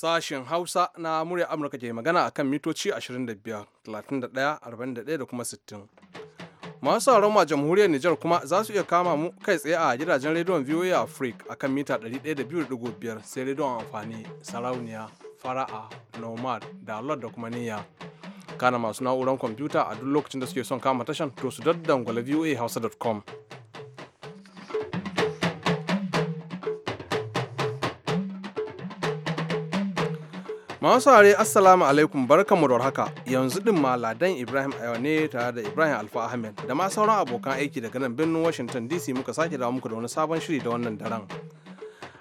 Sashen Hausa na murya Amurka ke magana akan mitoci 25, 31, 41 da kuma 60. Masu sauran ma jamhuriyar Nijar kuma za su iya kama mu kai tsaye a gidajen rediyon VOA Africa akan mita 102.5 sai rediyon amfani sarauniya fara'a nomad da lord da kuma niyya kana masu na'urar kwamfuta a duk lokacin da suke son kama tashan to su daddangwala voa hausa.com Masu saurare Assalamu alaikum barkanmu da haka yanzu din Ibrahim a ne tare da Ibrahim Alfa Ahmed da ma sauran abokan aiki daga nan birnin Washington DC muka sake dawo muku da wani sabon shiri da wannan daren.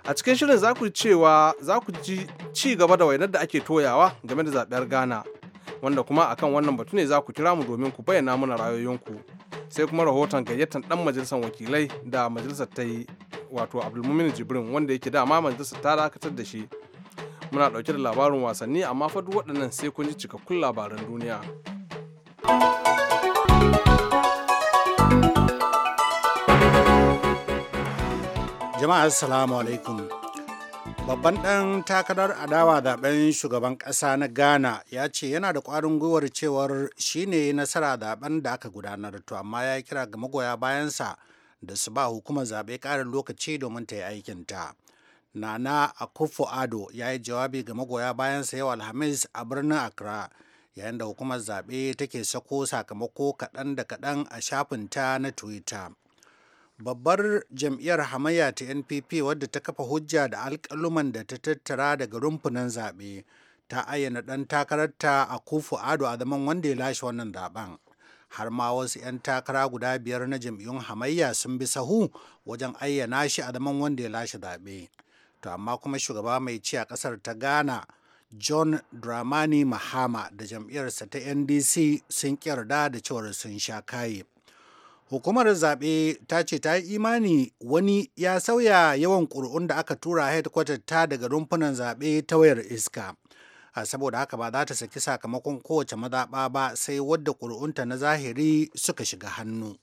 A cikin shirin za ku cewa za ku ji ci gaba da wainar da ake toyawa game da zaɓiyar gana wanda kuma akan wannan batu ne za ku kira mu domin ku bayyana mana rayoyinku sai kuma rahoton gayyatar dan majalisar wakilai da majalisar ta yi wato Abdulmumin Jibrin wanda yake dama majalisar ta dakatar da shi muna ɗauke da labarin wasanni amma fa duk waɗannan sai kun ji cikakkun labaran duniya jama'a assalamu alaikum babban ɗan takarar adawa zaben shugaban ƙasa na ghana ya ce yana da ƙwarin gwiwar cewar shine nasara zaben da aka gudanar to amma ya kira ga magoya bayansa da su ba hukumar zaɓe ƙarin lokaci domin ta yi aikinta nana akufo ado ya yi jawabi ga magoya bayan yau alhamis a birnin accra yayin da hukumar zaɓe take sako sakamako kaɗan da kaɗan a shafin ta na twitter babbar jam'iyyar hamayya ta npp wadda ta kafa hujja da alƙaluman da ta tattara daga rumfunan zaɓe ta ayyana ɗan takararta a kufu ado a zaman wanda ya lashe wannan zaɓen har ma wasu 'yan takara guda biyar na jam'iyyun hamayya sun bi sahu wajen ayyana shi a zaman wanda ya lashe zaɓe Afirka, amma kuma shugaba mai ci a kasar ta ghana john dramani mahama da jam'iyyarsa ta ndc sun kyarda da cewar sun sha kaye hukumar zaɓe ta ce ta yi imani wani ya sauya yawan ƙuri'un da aka tura headquarter ta daga rumfunan zaɓe ta wayar iska a saboda haka ba za ta saki sakamakon kowace mazaɓa ba sai wadda ƙuri'unta na zahiri suka shiga hannu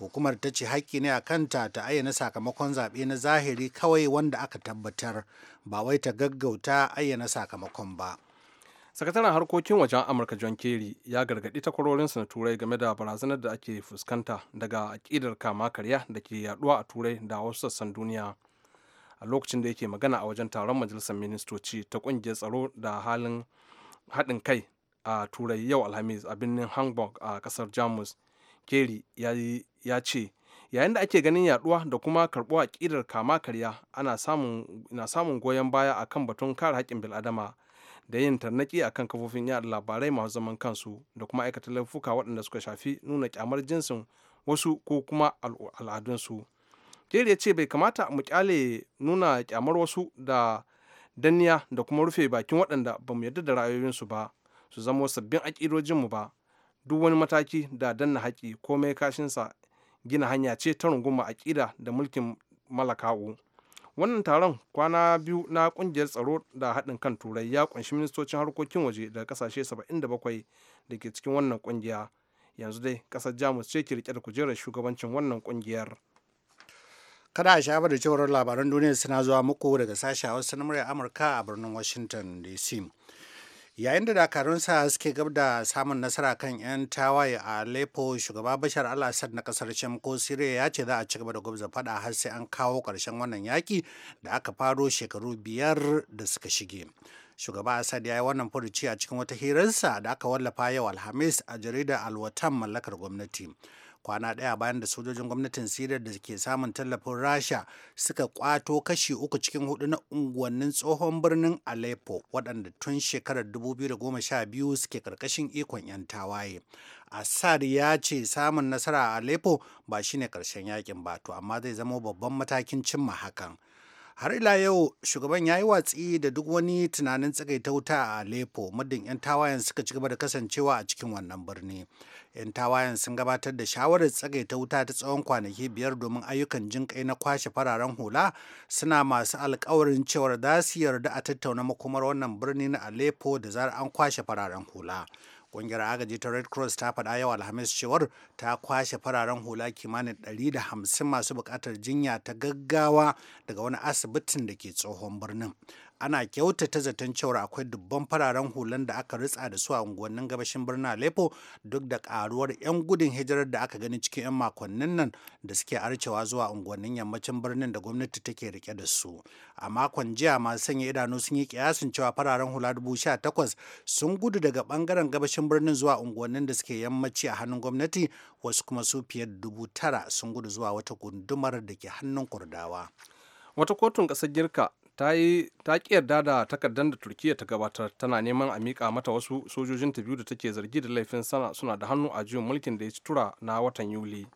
hukumar ta ce haƙƙi ne a kanta ta ayyana sakamakon zaɓe na zahiri kawai wanda aka tabbatar ba wai ta gaggauta ayyana sakamakon ba sakataren harkokin wajen amurka john kerry ya gargaɗi takwarorin na turai game da barazanar da ake fuskanta daga aƙidar kama karya da ke yaɗuwa a turai da wasu sassan duniya a lokacin da yake magana a wajen taron majalisar ministoci ta ƙungiyar tsaro da halin haɗin kai a turai yau alhamis a birnin hamburg a ƙasar jamus kerry ya yi ya ce yayin da ake ganin yaduwa da kuma karɓo aƙidar kama karya ana samun goyon baya akan batun kare haƙƙin bil'adama da yin tarnaki akan kafofin yada labarai masu zaman kansu da kuma aikata laifuka waɗanda suka shafi nuna kyamar jinsin wasu ko kuma al'adunsu jeri ya ce bai kamata mu kyale nuna ƙyamar wasu da danniya da kuma rufe bakin waɗanda ba mu yarda da ra'ayoyinsu ba su zama sabbin aƙidojinmu ba duk wani mataki da danna haƙi komai kashinsa gina hanya ce ta runguma a ƙida da mulkin malakawo wannan taron kwana biyu na kungiyar tsaro da haɗin kan turai ya kunshi ministocin harkokin waje daga kasashe 77 da ke cikin wannan kungiya yanzu dai kasar jamus ce ke rike da kujerar shugabancin wannan kungiyar kada a shafa da cewar labaran duniya suna zuwa muku daga sashen wasu na murya amurka a birnin washington dc yayin da dakarunsa suke gab da samun nasara kan 'yan tawaye a lepo shugaba Bashar al-Assad na kasar Sham ko Syria ya ce za a ci gaba da gwamza fada har sai an kawo ƙarshen wannan yaki da aka faro shekaru biyar da suka shige. shugaba Assad ya yi wannan furuci a cikin wata hirarsa da aka wallafa yau Alhamis a jaridar Alwatan mallakar gwamnati. kwana ɗaya bayan da sojojin gwamnatin siriya da ke samun tallafin rasha suka kwato kashi uku cikin hudu na unguwannin tsohon birnin aleppo waɗanda tun shekarar 2012 suke karkashin ikon 'yan tawaye assad ya ce samun nasara a aleppo ba shine karshen yakin ba to amma zai zama babban matakin cimma hakan har ila yau shugaban ya yi watsi da duk wani tunanin tsagaita wuta a aleppo muddin 'yan tawayen suka ci gaba da kasancewa a cikin wannan birni 'yan tawayen sun gabatar da shawarar tsagaita wuta ta tsawon kwanaki biyar domin ayyukan jin kai na kwashe fararen hula suna masu alkawarin cewar za su yarda a tattauna makomar wannan birni na aleppo da zarar an kwashe fararen hula kungiyar agaji ta Red Cross ta faɗa yau Alhamis cewar ta kwashe fararen hula kimanin 150 masu buƙatar jinya ta gaggawa daga wani asibitin da ke tsohon birnin. ana kyautata zaton cewar akwai dubban fararen hulan da aka ritsa da su a unguwannin gabashin birnin Aleppo duk da karuwar 'yan gudun hijirar da aka gani cikin 'yan makonnin nan da suke arcewa zuwa unguwannin yammacin birnin da gwamnati take rike da su. A makon jiya masu sanya idanu sun yi kiyasin cewa fararen hula dubu sha sun gudu daga bangaren gabashin birnin zuwa unguwannin da suke yammaci a hannun gwamnati wasu kuma su fiye da dubu tara sun gudu zuwa wata gundumar da ke hannun kurdawa. Wata kotun ƙasar Girka ta yi ta ki yarda da takardar da turkiya ta gabatar tana neman a miƙa mata wasu sojojin ta biyu da take zargi da laifin sana suna da hannu a juyin mulkin da ya ci tura na watan yuli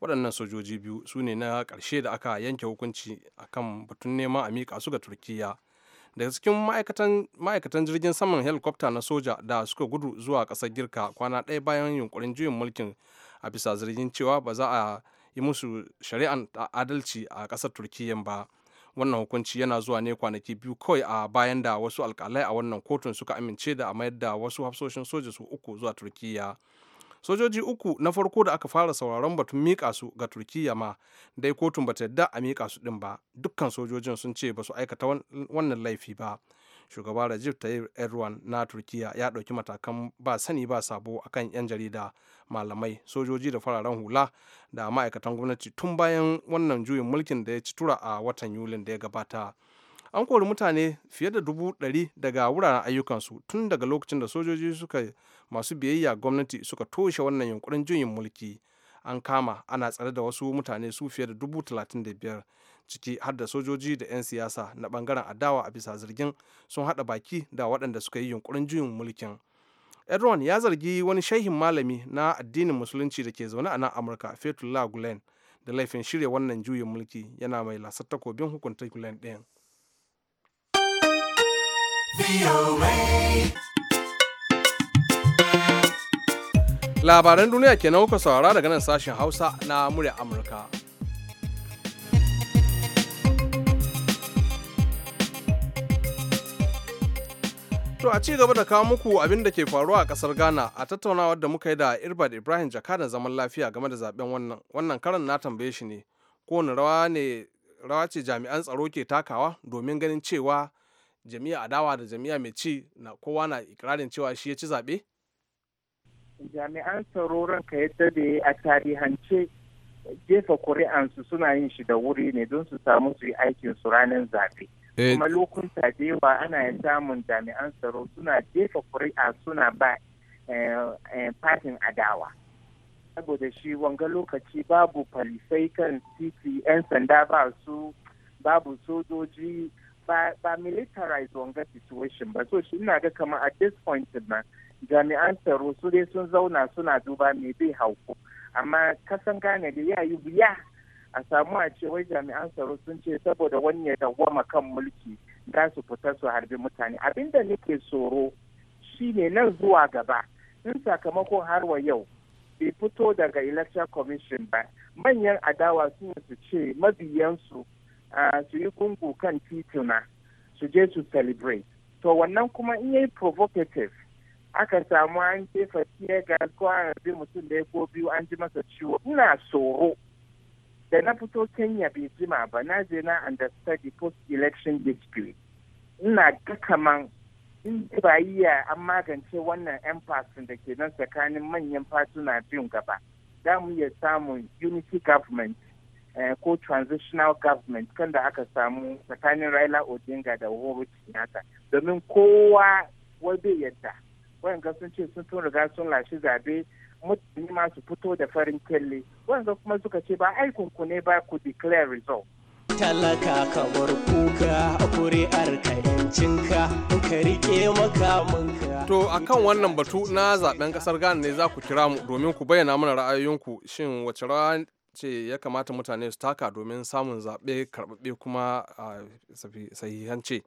waɗannan sojoji biyu su ne na ƙarshe da aka yanke hukunci a kan batun neman a miƙa su ga turkiya daga cikin ma'aikatan jirgin saman helikwafta na soja da suka gudu zuwa ƙasar girka kwana ɗaya bayan yunkurin juyin mulkin a bisa zargin cewa ba za a yi musu shari'an adalci a ƙasar turkiyyan ba wannan hukunci yana zuwa ne kwanaki biyu kawai a bayan da wasu alkalai a wannan kotun suka amince da a mayar da wasu hafsoshin soja su uku zuwa turkiya sojoji uku na farko da aka fara sauraron batun mika su ga turkiya ma dai kotun bata yadda a mika su din ba dukkan sojojin sun ce ba su aikata wannan laifi ba shugaba Rajib Tayyip Erdogan na Turkiya ya ɗauki matakan ba sani ba sabo akan 'yan jarida malamai sojoji da fararen hula da ma'aikatan gwamnati tun bayan wannan juyin mulkin da ya ci tura a watan Yulin da ya gabata. An kori mutane fiye da dubu ɗari daga wuraren ayyukansu tun daga lokacin da sojoji suka masu biyayya gwamnati suka toshe wannan yunkurin juyin mulki. An kama ana tsare da wasu mutane su fiye da dubu talatin da biyar ciki har da sojoji da 'yan siyasa na bangaren adawa a bisa zargin sun hada baki da waɗanda suka yi yunkurin juyin mulkin erdogan ya zargi wani shehin malami na addinin musulunci da ke zaune a nan amurka fetullah gulen da laifin shirya wannan juyin mulki yana mai lasar takobin hukunta gulen ɗin labaran duniya kenan kuka saurara daga nan sashen hausa na murya amurka To a ci gaba da kawo muku abin da ke faruwa a kasar Ghana a tattaunawar da muka yi da Irbad Ibrahim Jakadan zaman lafiya game da zaben wannan wannan karan na tambaye shi ne kowane rawa ne rawa ce jami'an tsaro ke takawa domin ganin cewa jami'a adawa da jami'a mai ci na kowa na ikirarin cewa shi ya ci zaɓe? Jami'an tsaro ranka yadda da a tarihance jefa kuri'ansu suna yin shi da wuri ne don su samu su yi aikin su ranar zaɓe. Eh, kuma lokunta da yawa ana samun jami'an tsaro suna jefa kuri'a suna ba eh, eh, fatin adawa saboda shi wanga lokaci babu falisai kan titi 'yan sanda ba su babu sojoji ba, militarize wanga situation ba so shi ina ga kama at this point na jami'an tsaro su dai sun zauna suna duba mai bai hauku amma kasan gane da ya yi wuya a samu a ce wai jami'an tsaro sun ce saboda wani ya dawwama kan mulki za su fita su harbi mutane abinda nake tsoro shine nan zuwa gaba in sakamakon har wa yau bai fito daga election commission ba manyan adawa su su ce mabiyansu su yi gungu kan tituna su je su celebrate to wannan kuma in yi provocative aka samu an jefa tear ga ko an mutum da ya ko biyu an ji masa ciwo ina tsoro da na fito kenya bai jima ba na je na understudy post election dispute ina ga kaman in ba iya an magance wannan yan fasin da ke nan tsakanin manyan fasuna biyun gaba za mu iya samun unity government eh, ko transitional government kan da aka samu tsakanin raila odinga da uhuru kenyatta domin kowa wai bai yadda wayan sun sun tun riga sun lashe zabe mutane masu fito da farin kyalle wanda kuma suka ce ba aikunku ne ba ku declare result talaka ka bar kuka kuri'ar ka yancinka ka rike makamanka to akan wannan batu na zaben kasar Ghana ne za ku kira mu domin ku bayyana mana ra'ayoyinku shin wace rawa ce ya kamata mutane su taka domin samun zaɓe karɓaɓɓe kuma a sahihance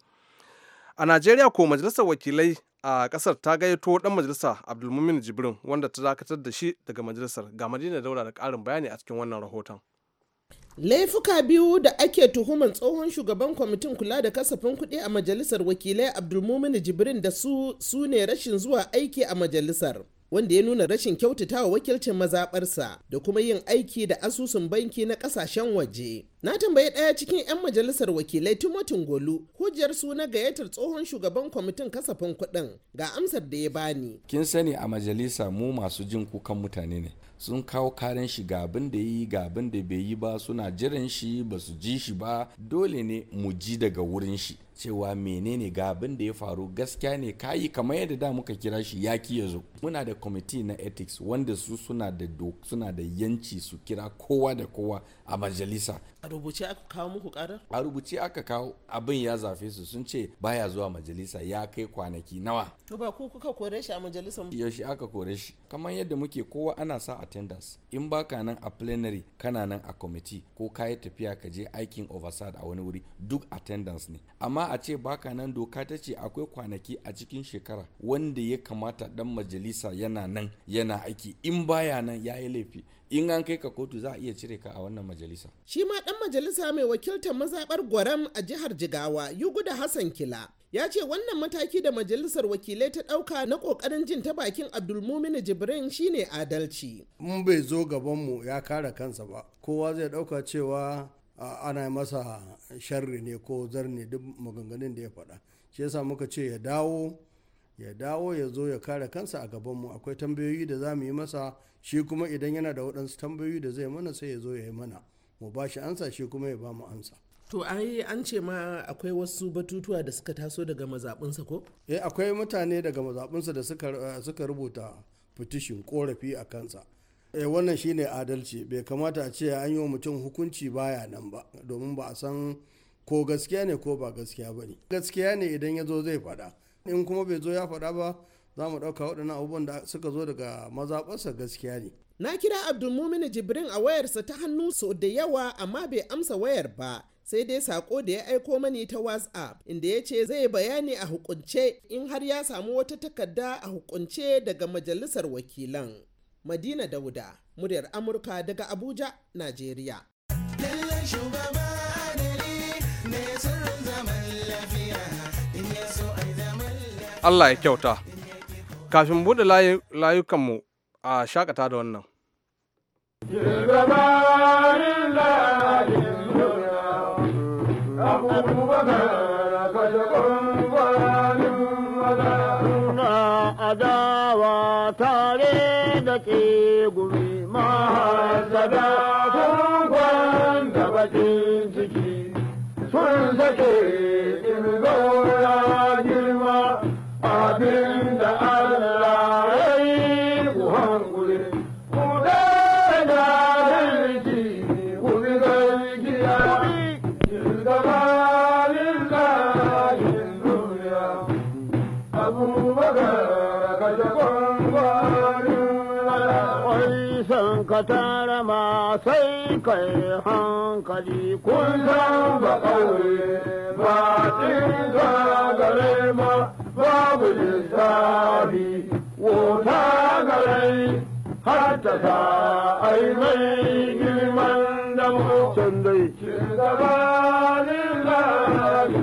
a najeriya ko majalisar wakilai a kasar ta gayyato dan majalisa abdulmumin jibrin wanda ta dakatar da shi daga majalisar ga madina daura da karin bayani a cikin wannan rahoton laifuka biyu da ake tuhumar tsohon shugaban kwamitin kula da kasafin kuɗi a majalisar wakilai abdulmumin jibrin da su su ne rashin zuwa aiki a majalisar wanda ya nuna rashin kyautatawa wakilcin mazaɓarsa da kuma yin aiki da asusun banki na ƙasashen waje Na tambayi ɗaya cikin 'yan majalisar wakilai Timotin Golu hujjar suna gayyatar tsohon shugaban kwamitin kasafin kuɗin ga amsar da ya bani. Kin sani a majalisa mu masu jin kukan mutane ne. Sun kawo karen shi ga abin da yi ga abin da bai yi ba suna jiran shi ba su ji shi ba dole ne mu ji daga wurin shi cewa menene ga abin da ya faru gaskiya ne kayi kamar yadda da muka kira shi yaki ya zo. Muna da kwamiti na ethics wanda su suna suna da yanci su kira kowa da kowa a majalisa a rubuce aka kawo muku karar a rubuce aka kawo abin ya zafe su sun ce baya zuwa majalisa ya kai kwanaki nawa to ba ku kuka kore shi a majalisa yaushe aka kore shi kamar yadda muke kowa ana sa attendance in baka nan a plenary kana nan a committee ko ka yi tafiya ka je aikin oversight a wani wuri duk attendance ne amma a ce baka nan doka ta ce akwai kwanaki a cikin shekara wanda ya kamata dan majalisa yana nan yana aiki in baya nan ya yi laifi in an kai ka kotu za a iya cire ka a wannan majalisa. Shi ma dan majalisa mai wakiltar mazabar Gwaram a jihar Jigawa, yugu da Hassan Kila, ya ce wannan mataki da majalisar wakilai ta ɗauka na kokarin jin ta bakin abdulmumin jibrin shine adalci in bai zo gabanmu ya kare kansa ba kowa zai ɗauka cewa ana masa sharri ne ko zarne duk maganganun da ya faɗa shi yasa muka ce ya dawo ya dawo ya zo ya kare kansa a gabanmu akwai tambayoyi da za mu yi masa shi kuma idan yana da waɗansu tambayoyi da zai mana sai ya zo ya yi mana mu ba shi ansa shi kuma ya ba mu ansa To ai an ce ma akwai wasu batutuwa da suka taso daga mazaɓinsa ko? Eh akwai mutane daga mazaɓinsa da suka eh, rubuta fitishin korafi a kansa. Eh wannan shine adalci bai kamata a ce an yi wa mutum hukunci baya nan ba domin ba a san ko gaskiya ne ko ba gaskiya ba ne. Gaskiya ne idan ya zo zai faɗa. In kuma bai zo ya faɗa ba za mu ɗauka waɗannan abubuwan da suka zo daga mazaɓarsa gaskiya ne. Na kira Abdulmumin Jibrin a wayarsa ta hannu sau da yawa amma bai amsa wayar ba. sai dai sako da ya aiko mani ta whatsapp inda ya ce zai bayani a hukunce in har ya samu wata takarda a hukunce daga majalisar wakilan madina dauda muryar amurka daga abuja najeriya Allah ya kyauta kafin buɗe layukanmu a shakata da wannan. abubakar ka sai kai hankali kun san ba ba gare ma babu lissafi gare har ta sa ai mai girman can dai gaba lillahi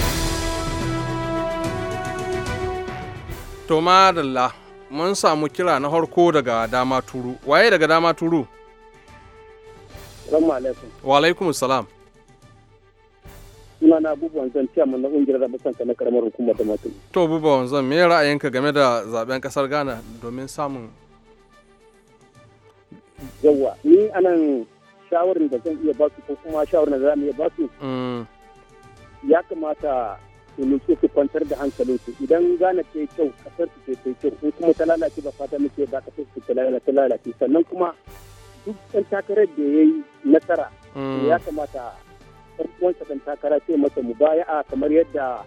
to madalla mun samu kira na harko daga dama turu waye daga dama turu salamu alaikum wa alaikum salam suna na zan wanzan ciyaman na ƙungiyar zaɓen kanka na karamar hukumar da matu to abubuwan zan me ra'ayinka game da zaben kasar ghana domin samun yawa ni anan shawarin da zan iya basu ko kuma shawarin da za mu iya basu mm. ya kamata domin su su kwantar da su idan gana ta kyau kasar su ce kai kyau in kuma ta lalace ba fata muke ba kasar su ta lalace sannan kuma duk ɗan takarar da ya yi nasara hmm. ya kamata wancan ɗan takara ce masa mu baya a kamar yadda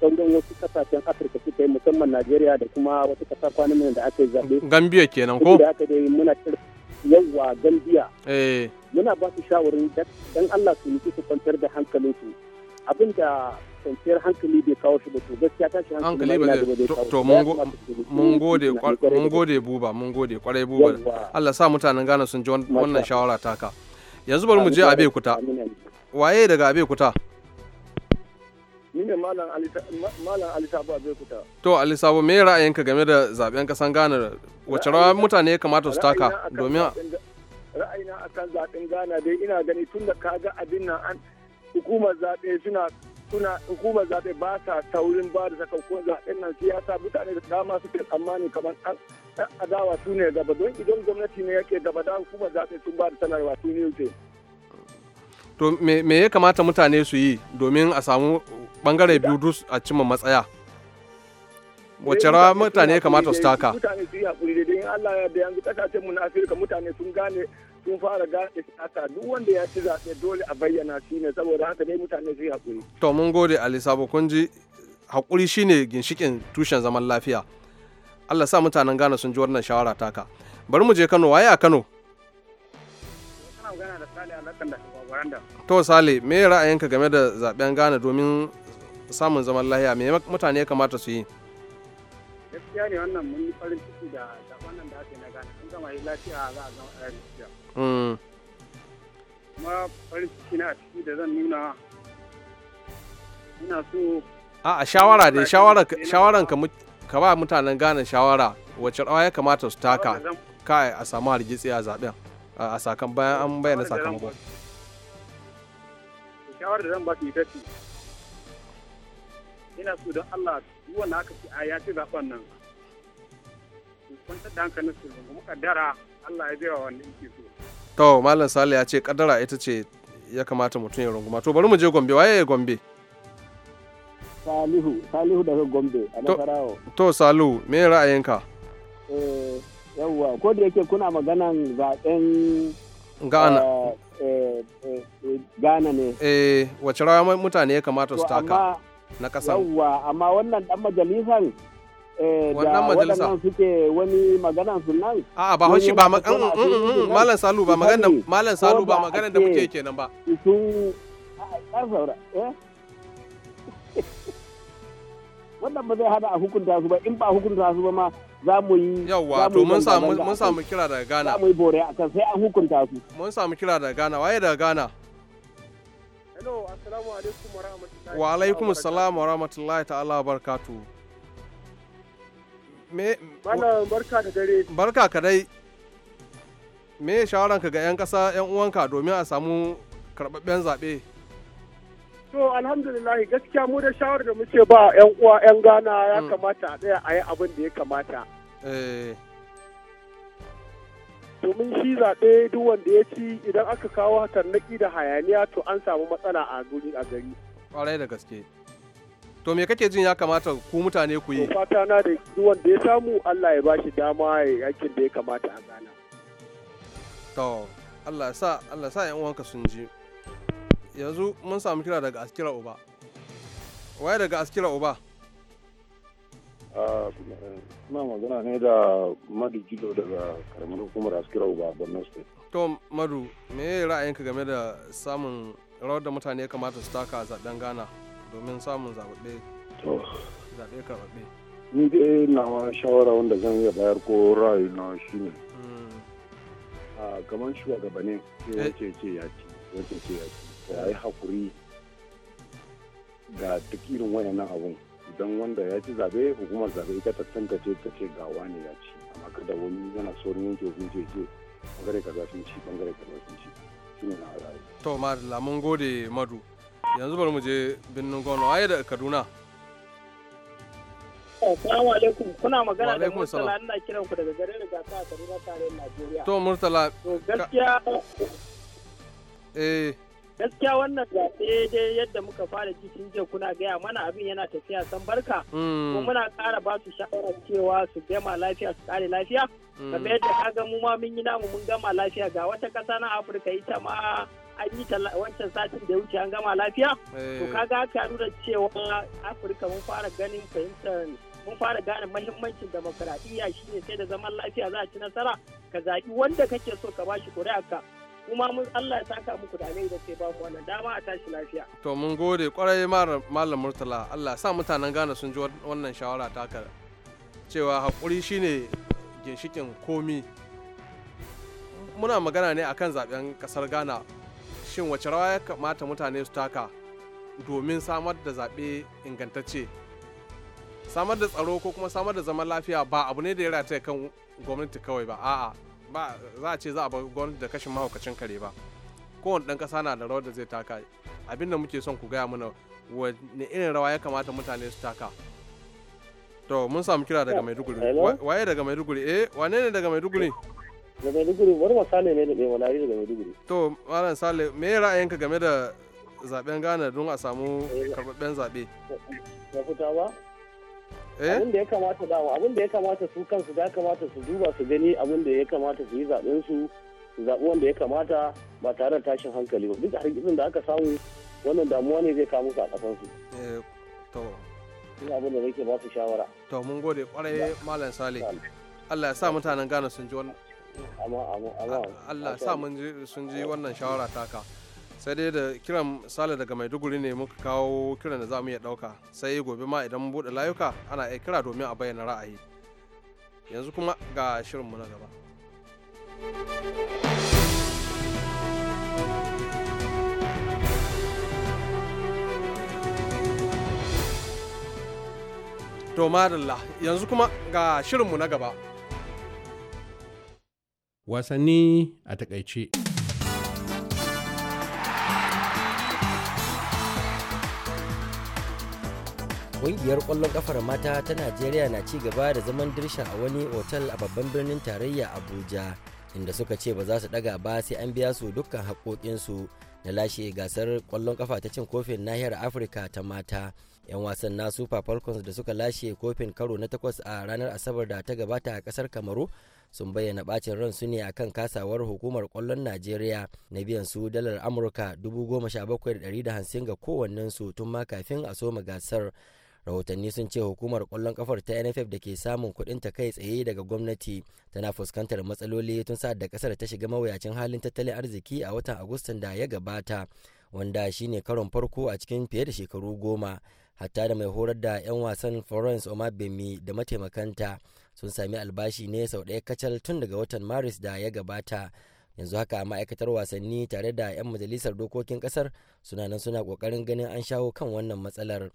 sauran wasu kasashen afirka suka yi musamman najeriya da kuma wasu kasa kwanan nan da aka yi zaɓe gambia kenan ko da aka dai muna yawwa gambia eh. muna ba su shawarin dan allah su nufi su kwantar da su. abin da kwanciyar hankali bai kawo shi ba to gaskiya shi hankali ba zai to mun gode mun gode buba mun gode kwarai buba Allah sa mutanen Ghana sun ji wannan shawara taka yanzu bari mu je abe kuta waye daga abe kuta ni ne malam Ali Sabo abe kuta to Ali Sabo me ra'ayinka game da zaben kasan Ghana wace rawa mutane ya kamata su taka domin ra'ayina akan zaben Ghana dai ina gani tun da kaga abin nan an hukumar zaɓe suna suna hukumar zaɓe ba ta taurin ba da sakamakon zaɓen nan siyasa mutane da dama suke tsammani kamar ɗan adawa su ne gaba don idan gwamnati ne yake gaba da hukumar zaɓe sun ba da sanarwa su ne wuce. To me ya kamata mutane su yi domin a samu bangare biyu dus a cimma matsaya? Wace rawa mutane ya kamata su taka? Mutane su yi hakuri da in Allah ya da yanzu mu na Afirka mutane sun gane sun fara gane siyasa duk wanda ya ci zaɓe dole a bayyana shi ne saboda haka dai mutane su yi haƙuri. To mun gode Ali Sabo kun ji haƙuri shine ginshikin tushen zaman lafiya. Allah sa mutanen Ghana sun ji wannan shawara taka. Bari mu je Kano waye a Kano? To Sale, me ra'ayinka game da zaben Ghana domin samun zaman lahiya me mutane ya kamata su yi? Gaskiya ne wannan mun yi farin ciki da wannan nan da ake na Ghana. Sun gama yi lafiya za a zama eh, kuma farin ciki na a ciki da zan nuna ina so a shawara dai shawaran ka ba mutanen gane shawara wacce rawa ya kamata su taka kai a samu hargitsi a zaben a sakan bayan an bayyana sakamako shawar da zan ba su ita ina so don Allah duk wanda aka a ya ce nan kwantar da hankalin su Allah ya biya wanda yake so to malam sale ya ce kadara ita ce ya kamata mutum ya runguma to bari mu je gombe waye ya gombe salihu salihu daga gombe a nasarawa to salihu me ra'ayinka eh yawwa ko da yake kuna maganan zaben Ghana. Eh, eh, eh, Ghana ne. Eh, wace rawa mutane ya kamata su taka na ƙasa? Yawwa, amma wannan ɗan majalisan Eh, wannan majalisa waɗannan suke wani sun sunan a'a ba haushi ba mm, mm, mm, malam salu ba maganar malam salu ba maganan da muke kenan ba sun eh? wannan ba zai hada a hukunta su ba in ba hukunta su ba ma za mu yi yawa to mun samu mun samu kira daga Ghana za mu yi bore akan sai an hukunta su mun samu kira daga Ghana waye daga Ghana hello assalamu alaikum wa rahmatullahi wa alaikum assalam wa rahmatullahi ta'ala barakatuh me malam barka da dare barka ka me shawaran ka ga yan kasa yan uwanka domin a samu karbabben zabe to alhamdulillah gaskiya mu da shawar da muke ba yan uwa yan gana ya mm. kamata a tsaya a abin da ya kamata eh domin shi zaɓe duk wanda ya ci idan aka kawo tarnaki da hayaniya to an samu matsala a guri a gari. Ƙwarai da gaske. to me kake jin ya kamata ku mutane ku yi fata na da duwan da ya samu Allah ya bashi dama ya aikin da ya kamata a gana. to Allah ya sa Allah ya sa yan uwanka sun ji yanzu mun samu kira daga Askira Uba waye daga Askira Uba Suna ah, magana ne da Madu Jido daga karamin hukumar Askira Uba Borno State. To Madu, me ra'ayinka game da samun rawar da mutane ya kamata su taka a zaben Ghana? domin samun zaɓe zaɓe ni dai nawa shawara wanda zan iya bayar ko rayu na shi ne hmm. a kamar shugabannin sai eh. wace ce ya ci wace ce ya ci ya yi hakuri ga duk irin wayannan abun idan wanda ya ci zaɓe hukumar zaɓe ita ta ce ta ce ga wani ya ci amma kada wani yana saurin yanke hukunci ce bangare kaza sun ci bangare kaza sun ci shi ne na rayu. to ma lamun gode madu yanzu bari mu je birnin gwamna waye da kaduna Assalamu alaikum kuna magana da Murtala ina kiran ku daga garin a Murtala. To eh. gaskiya wannan zaɓe dai yadda muka fara cikin jiya kuna gaya mana abin yana tafiya san barka hmm. ko muna kara ba su cewa su gama lafiya su ƙare lafiya hmm. kamar yadda ka ga mu ma mun yi namu mun gama lafiya ga wata ƙasa na Afirka ita ma an yi ta wancan satin da ya wuce an gama lafiya eh. to kaga aka nuna cewa afirka mun fara ganin fahimtar mun fara gane mahimmancin shi shine sai da zaman lafiya za a ci nasara ka zaɓi wanda kake so ka bashi ka kuma mun Allah ya saka muku da da sai ba ku wannan dama a tashi lafiya to mun gode kwarai malam murtala Allah sa mutanen Ghana sun ji wannan shawara taka cewa hakuri shine ginshikin komi muna magana ne akan zaben kasar Ghana shin wace rawa ya kamata mutane su taka domin samar da zaɓe ingantacce samar da tsaro ko kuma samar da zaman lafiya ba abu ne da ya rataya kan gwamnati kawai ba a'a ba za a ce za a bar gwamnati da kashin mahaukacin kare ba kowane ɗan ƙasa na da rawar da zai taka abin da muke son ku gaya mana wani irin rawa ya kamata mutane su taka to mun samu kira daga maiduguri waye daga maiduguri eh wane ne daga maiduguri da maiduguri marwa sale ne da mai da daga maiduguri to malam sale me ra'ayinka game da zaben ghana don a samu karɓaɓɓen zaɓe ba fita ba eh? abin da ya kamata dawa abin da ya kamata su kansu da kamata su duba su gani abin da ya kamata su yi zaben su zaɓi wanda ya kamata ba tare da tashin hankali ba duk hargitsin da aka samu wannan damuwa ne zai kawo musu a ƙasansu. Eh, ina abin da nake ba su shawara to mun gode kwarai malam sale Allah ya sa mutanen Ghana sun ji wannan Allah sa mun ji sun ji wannan shawara taka sai dai da kiran sale daga maiduguri ne muka kawo kiran da za mu iya ɗauka sai gobe ma idan buɗe layuka ana iya kira domin a bayyana ra'ayi yanzu kuma ga shirinmu na gaba to madalla yanzu kuma ga shirinmu na gaba wasanni a takaice. Ƙungiyar ƙwallon ƙafar mata ta Najeriya na ci gaba da zaman dirsha a wani otal a babban birnin tarayya Abuja, inda suka ce ba za su ɗaga ba sai an biya su dukkan haƙoƙinsu na lashe gasar ƙwallon ƙafa ta cin kofin nahiyar Afirka ta mata. 'yan wasan na super falcons da suka lashe kofin karo na takwas a ranar asabar da ta gabata a ƙasar kamaru sun bayyana bacin ran su ne akan kasawar hukumar kwallon najeriya na biyan su dalar amurka 17,150 ga su tun ma kafin a soma gasar rahotanni sun ce hukumar kwallon kafar ta nff da ke samun kuɗin ta kai tsaye daga gwamnati tana fuskantar matsaloli tun sa da kasar ta shiga mawuyacin halin tattalin arziki a watan agustan da ya gabata wanda shine karon farko a cikin fiye da shekaru goma hatta da mai horar da 'yan wasan florence omabemi da mataimakanta sun sami albashi ne sau ɗaya kacal tun daga watan maris da ya gabata yanzu haka ma'aikatar wasanni tare da 'yan majalisar dokokin kasar suna nan suna kokarin ganin an shawo kan wannan matsalar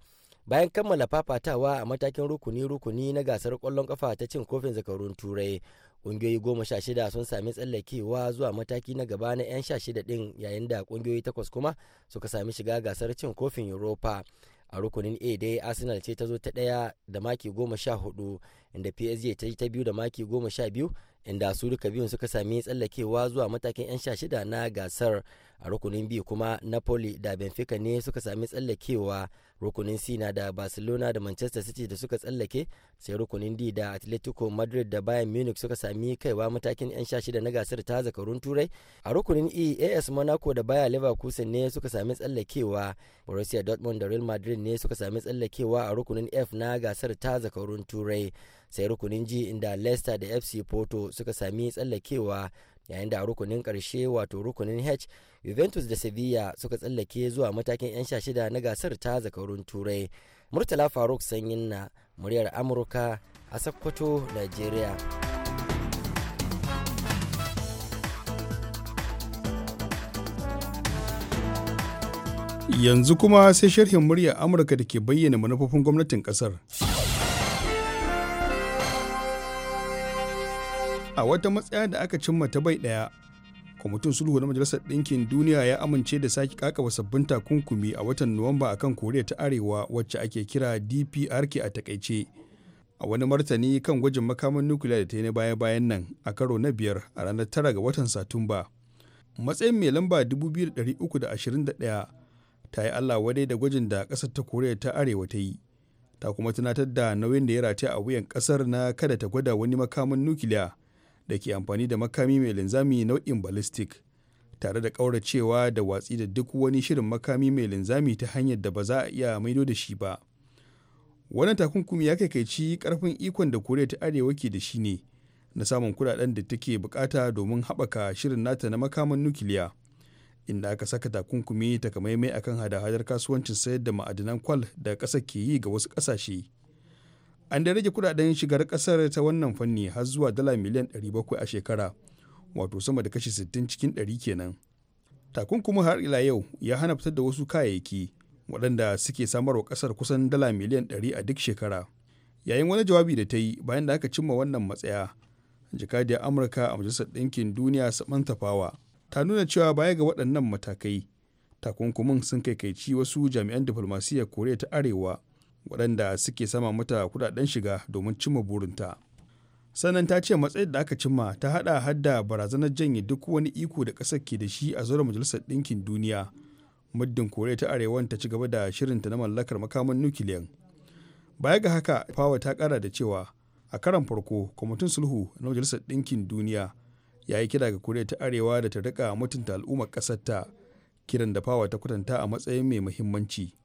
bayan kammala fafatawa a matakin rukuni-rukuni na gasar kwallon kafa ta cin kofin zakarun turai ƙungiyoyi goma sha shida sun sami tsallakewa zuwa mataki na gaba na 'yan sha shida ɗin yayin da ƙungiyoyi takwas kuma suka sami shiga gasar cin kofin europa a rukunin a dai arsenal ce ta zo ta ɗaya da maki goma sha hudu inda psg ta yi ta biyu da maki goma sha biyu inda su duka biyun suka sami tsallakewa zuwa matakin 'yan sha shida na gasar a rukunin b kuma napoli da benfica ne suka sami tsallakewa rukunin c na da barcelona da manchester city da suka tsallake sai rukunin d da atletico madrid da bayan munich suka sami kaiwa matakin 'yan sha shida na gasar ta zakarun turai a rukunin e as monaco da bayer leverkusen ne suka sami tsallakewa borussia dortmund da real madrid ne suka sami tsallakewa a rukunin f na gasar ta zakarun turai sai rukunin g inda leicester da fc porto suka sami tsallakewa yayin da a rukunin karshe wato rukunin h juventus da sevilla suka tsallake zuwa matakin 'yan sha shida na gasar ta zakarun turai murtala faruk sanyin na muryar amurka a sakkwato nigeria yanzu kuma sai sharhin muryar amurka da ke bayyana manufofin gwamnatin kasar a wata matsaya da aka cimma ta bai ɗaya kwamitin sulhu na majalisar ɗinkin duniya ya amince da sake kakaba sabbin takunkumi a watan nuwamba akan koriya ta arewa wacce ake kira dprk a takaice a wani martani kan gwajin makaman nukiliya da ta yi na baya-bayan nan a karo na biyar a ranar tara ga watan satumba matsayin mai lamba 2321 ta yi allah wadai da gwajin da ƙasar ta koriya ta arewa ta yi ta kuma tunatar da nauyin da ya rataya a wuyan ƙasar na kada ta gwada wani makaman nukiliya da ke amfani da makami mai linzami nau'in ballistic tare da ƙauracewa da watsi da duk wani shirin makami mai linzami ta hanyar da ba za a iya maido da shi ba wannan takunkumi ya kaikaici karfin ikon da koriya ta arewa ke da shi ne na samun kudaden da take bukata domin haɓaka shirin nata na makaman nukiliya inda aka saka takunkumi takamaimai akan hada-hadar kasuwancin sayar da ma'adanan kwal da ƙasa ke yi ga wasu ƙasashe an da rage kudaden shigar kasar ta wannan fanni har zuwa dala miliyan 700 a shekara wato sama da kashi 60 cikin 100 kenan takunkumin har ila yau ya hana fitar da wasu kayayyaki waɗanda suke samarwa ƙasar kusan dala miliyan 100 a duk shekara yayin wani jawabi da ta yi bayan da aka cimma wannan matsaya ya amurka a majalisar ɗinkin duniya samantha power ta nuna cewa baya ga waɗannan matakai takunkumin sun kaikaici wasu jami'an diflomasiyyar koriya ta arewa waɗanda suke sama mata kudaden shiga domin cimma burinta sannan ta ce matsayin da aka cimma ta hada hadda barazanar janye duk wani iko da ƙasar ke da shi a zuwa majalisar ɗinkin duniya muddin koriya ta arewan ta ci gaba da shirinta na mallakar makaman nukiliyan baya ga haka fawa ta kara da cewa a karan farko kwamitin sulhu na majalisar ɗinkin duniya ya yi kira ga koriya ta arewa da ta rika mutunta al'ummar ƙasar ta kiran da fawa ta kwatanta a matsayin mai muhimmanci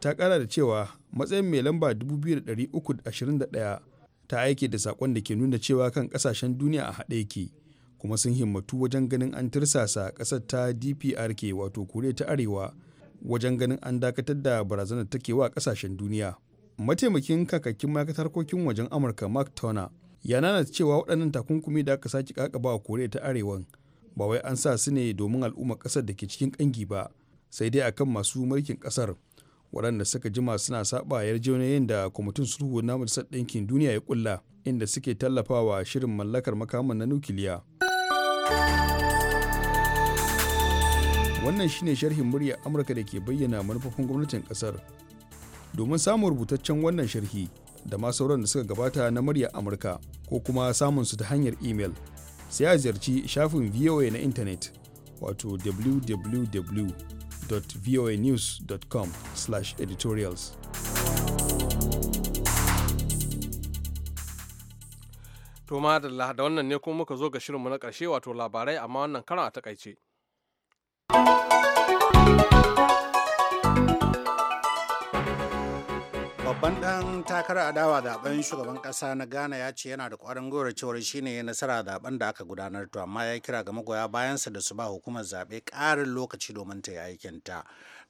ta kara da cewa matsayin mai lamba 2321 ta aike da sakon da ke nuna cewa kan kasashen duniya a haɗe yake kuma sun himmatu wajen ganin an tirsasa ƙasar ta dprk wato kure ta arewa wajen ganin an dakatar da barazanar take wa ƙasashen duniya mataimakin kakakin ma'aikatar harkokin wajen amurka mark turner ya nana cewa waɗannan takunkumi da aka sake kakaba a kore ta arewan ba wai an sa su ne domin al'ummar ƙasar da ke cikin ƙangi ba sai dai akan masu mulkin ƙasar waɗanda suka jima suna saba yarjejeniyoyin da kwamitin sulhu na majalisar ɗinkin duniya ya kulla inda suke tallafawa shirin mallakar makaman na nukiliya wannan shine sharhin murya amurka da ke bayyana manufofin gwamnatin kasar domin samun rubutaccen wannan sharhi da ma sauran da suka gabata na murya amurka ko kuma samun su ta hanyar imel sai a ziyarci shafin voa na intanet wato www www.voanews.com/editorials To ma da wannan ne kuma muka zo ga mu na ƙarshe wato labarai amma wannan karan a takaice. babban dan takarar adawa zaben shugaban ƙasa na ghana ya ce yana da kwarin gwiwar cewar shine ya nasara zaben da aka gudanar to amma ya kira ga magoya bayansa da su ba hukumar zaɓe ƙarin lokaci domin ta yi aikinta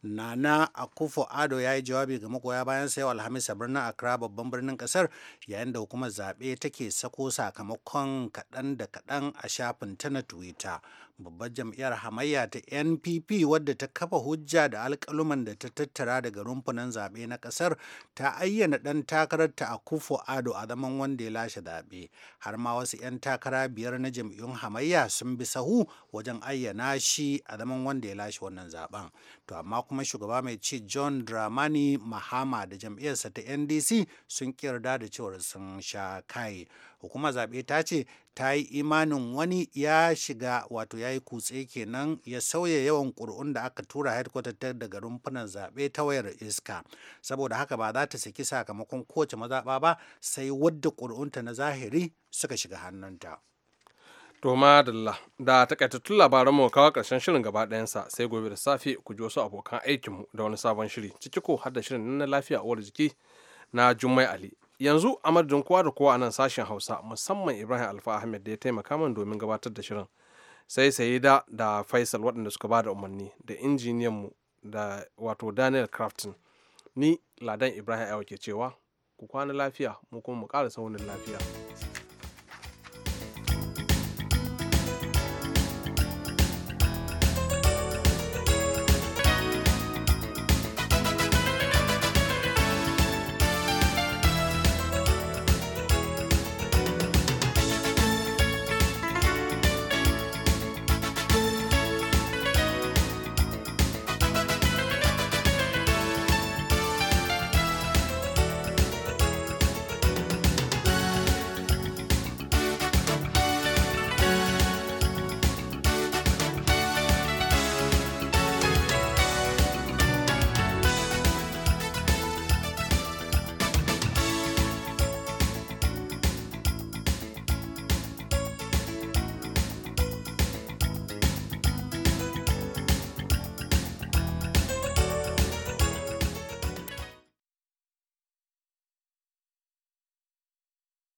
nana akufo ado ya yi jawabi ga magoya bayansa yau alhamis a birnin accra babban birnin ƙasar yayin da hukumar zaɓe take sako sakamakon kaɗan da kaɗan a shafin ta na twitter babbar jam'iyyar hamayya ta npp wadda ta kafa hujja da alkaluman da ta tattara daga rumfunan zaɓe na ƙasar ta ayyana ɗan takararta a kufo ado a zaman wanda ya lashe zaɓe har ma wasu 'yan takara biyar na jam'iyyun hamayya sun bi sahu wajen ayyana shi a zaman wanda ya lashe wannan zaɓen to amma kuma shugaba mai ci john dramani mahama da jam'iyyarsa ta ndc sun kirda da cewar sun sha kai hukumar zaɓe ta ce ta yi imanin wani ya shiga wato ya yi kutse kenan ya sauya yawan ƙuri'un da aka tura headquarter daga rumfunan zaɓe ta wayar iska saboda haka ba za ta saki sakamakon kowace mazaɓa ba sai wadda ƙuri'unta na zahiri suka shiga hannunta. To madalla da takaitattun labaran mu kawo karshen shirin gaba ɗayansa sai gobe da safe ku ji wasu abokan aikinmu da wani sabon shiri ciki ko har da shirin na lafiya uwar jiki na Jummai Ali yanzu a madadin kowa da kowa a nan sashen hausa musamman ibrahim alfa ahmed da ya taimaka min domin gabatar da shirin sai sai da da faisal waɗanda suka ba da umarni da injiniyan mu da wato daniel crafton ni ladan ibrahim ya ke cewa ku kwana lafiya mu kuma mu ƙara saunin lafiya